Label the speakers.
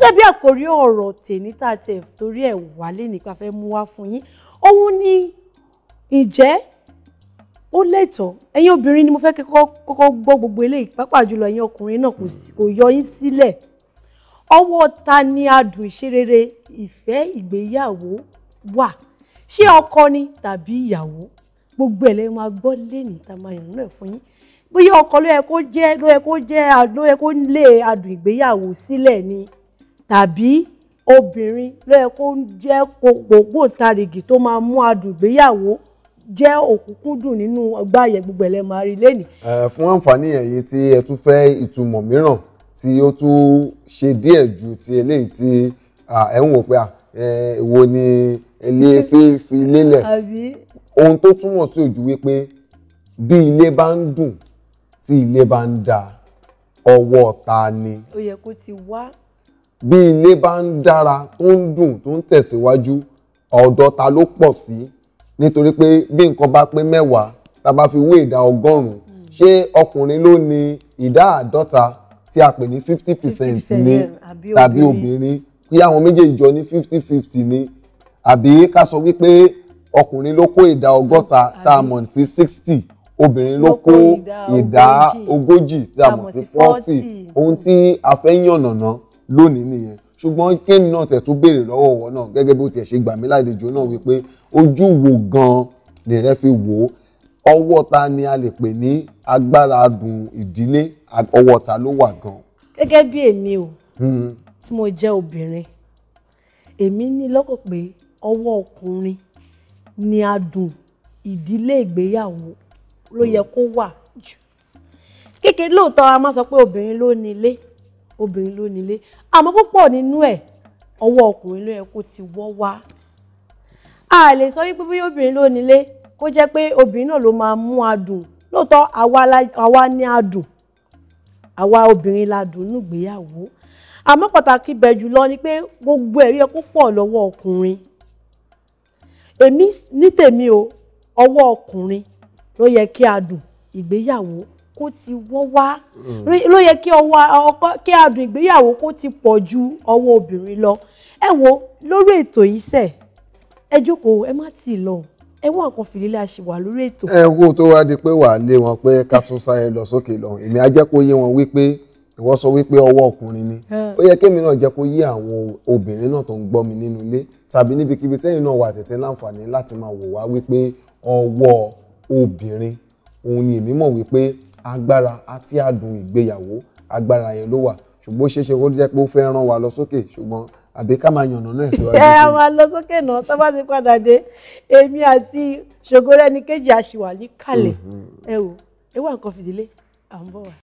Speaker 1: gẹ́gẹ́ bí àkórí ọ̀rọ̀ tèmi tá a tẹ̀ torí ẹ̀ wálé nípa fẹ́ mú wá fún yín òun ni ìjẹ́ ó lẹ́tọ̀ọ́ ẹ̀yin obìnrin ni mo fẹ́ kọ́kọ́ gbọ́ gbogbo eléyìí pàápàá jùlọ ẹ̀yin ọkùnrin náà kò yọ yín sílẹ̀ ọwọ́ ta ni adùn ìṣerere ìfẹ́ ìgbéyàwó wà ṣé ọkọ ni tàbí ìyàwó gbogbo ẹ̀ lẹ́yìn máa gbọ́ lẹ́nìí tá a máa yàn náà fún yín bóyá ọkọ ló yẹ kó jẹ́ ló yẹ kó jẹ́ ló yẹ kó lé adùn ìgbéyàwó sílẹ̀ ni tàbí obìnrin ló yẹ kó jẹ́ ògbóǹtarìgì tó máa mú adùn ìgbéyàwó jẹ́ òkúnkúndùn nínú ọgbà ayẹ gbogbo ẹ̀lẹ́ máa rí lẹ́nìí.
Speaker 2: fún àǹfààní ẹ̀yin tí ẹ tún fẹ́ ìtumọ̀ mìíràn tí ó tún ṣe díẹ̀ ju ti eléyìí tí ẹ̀ ń wò pé èwo ni ilé fi lélẹ̀ ohun tó túmọ̀ sí ojú wípé bí ilé bá ń dùn tí ilé bá ń da ọwọ́ ta ni.
Speaker 1: ó yẹ kó ti wá
Speaker 2: bí ilé bá ń dára tó ń dùn tó ń tẹ̀síwájú ọ̀dọ́ ta ló pọ̀ sí nítorí pé bí nǹkan bá pé mẹ́wàá tá bá fi wé ìdá ọgọ́rùn-ún ṣé ọkùnrin ló ní ìdá àádọ́ta tí a pè ní fifty percent ní tàbí obìnrin kí àwọn méjèèjì jọ ní fifty fifty ní àbí ká sọ wípé ọkùnrin ló kó ìdá ọgọ́ta tá a mọ̀ sí sixty obìnrin ló kó ìdá ogójì tí a mọ̀ sí forty ohun tí a fẹ́ yànnàná lónìí nìyẹn ṣùgbọ́n kí ni náà tẹ̀ tún béèrè lọ́wọ́ wọn náà gẹ́gẹ́ bó tiẹ̀ ṣe gbà mí lálejò náà wípé ojú wo gan-an ni rẹ́ fi wò ó ọwọ́ ta ni a lè pè ní agbára adùn ìdílé ọwọ́ ta ló wà gan-an.
Speaker 1: gẹ́gẹ́ bí èmi o hmm. tí mo jẹ́ obìnrin èmi ní lọ́kàn pé ọwọ́ ọkùnrin ni adùn ìdílé ìgbéyàwó ló yẹ hmm. kó wà jù kékeré lóòótọ́ a máa sọ pé obìnrin ló ní ilé obìnrin ló nílé àmọ́ púpọ̀ nínú ẹ̀ ọwọ́ ọkùnrin ló yẹ kó ti wọ́ wá a lè sọ wípé bí obìnrin ló nílé kó jẹ́ pé obìnrin náà ló máa mú adùn lóòótọ́ àwa ni adùn àwa obìnrin la dùn nígbéyàwó àmọ́ pàtàkì bẹ̀ jùlọ ni pé gbogbo ẹ̀rí ẹ kó pọ̀ lọ́wọ́ ọkùnrin èmi ní tèmi o ọwọ́ ọkùnrin ló yẹ kí a ìgbéyàwó kó ti wọ́ wá ló yẹ kí ọwọ́ ọkọ kí adùn ìgbéyàwó kó ti pọ̀ ju ọwọ́ obìnrin lọ ẹ wo lórí ètò yìí sẹ̀ ẹ jókòó ẹ má tì í lọ ẹ wọ nǹkan fìdílé àṣewà lórí ètò.
Speaker 2: ẹ wo tó wá di pé wà á lé wọn pé ká tún sáré lọ sókè lọhùn èmi á jẹ́ kó yé wọn wípé ìwọ sọ wípé ọwọ́ ọkùnrin ni ó yẹ kémi náà jẹ́ kó yé àwọn obìnrin náà tó ń gbọ́ mi nínú ilé tàbí níbikíbi tẹ́yìn náà wà tètè láǹfààní láti máa wò wá wípé ọwọ́ obìnrin òun ni èmi mọ̀ wípé agbára àti adùn ìgbéyàwó agbára yẹn ló wà ṣùgbọ́n ó ṣeéṣe kó jẹ́ pé ó fẹ́ ràn wá lọ sókè ṣùgbọ́n àbí ká máa yànnà náà síwájú sí. ẹ a
Speaker 1: máa lọ sókè náà tó ti padà dé èmi àti ṣògo rẹ ní kejì àṣìwà ní kalẹ̀ mhm. ẹ wò ẹ wà à ń bọ̀ wá.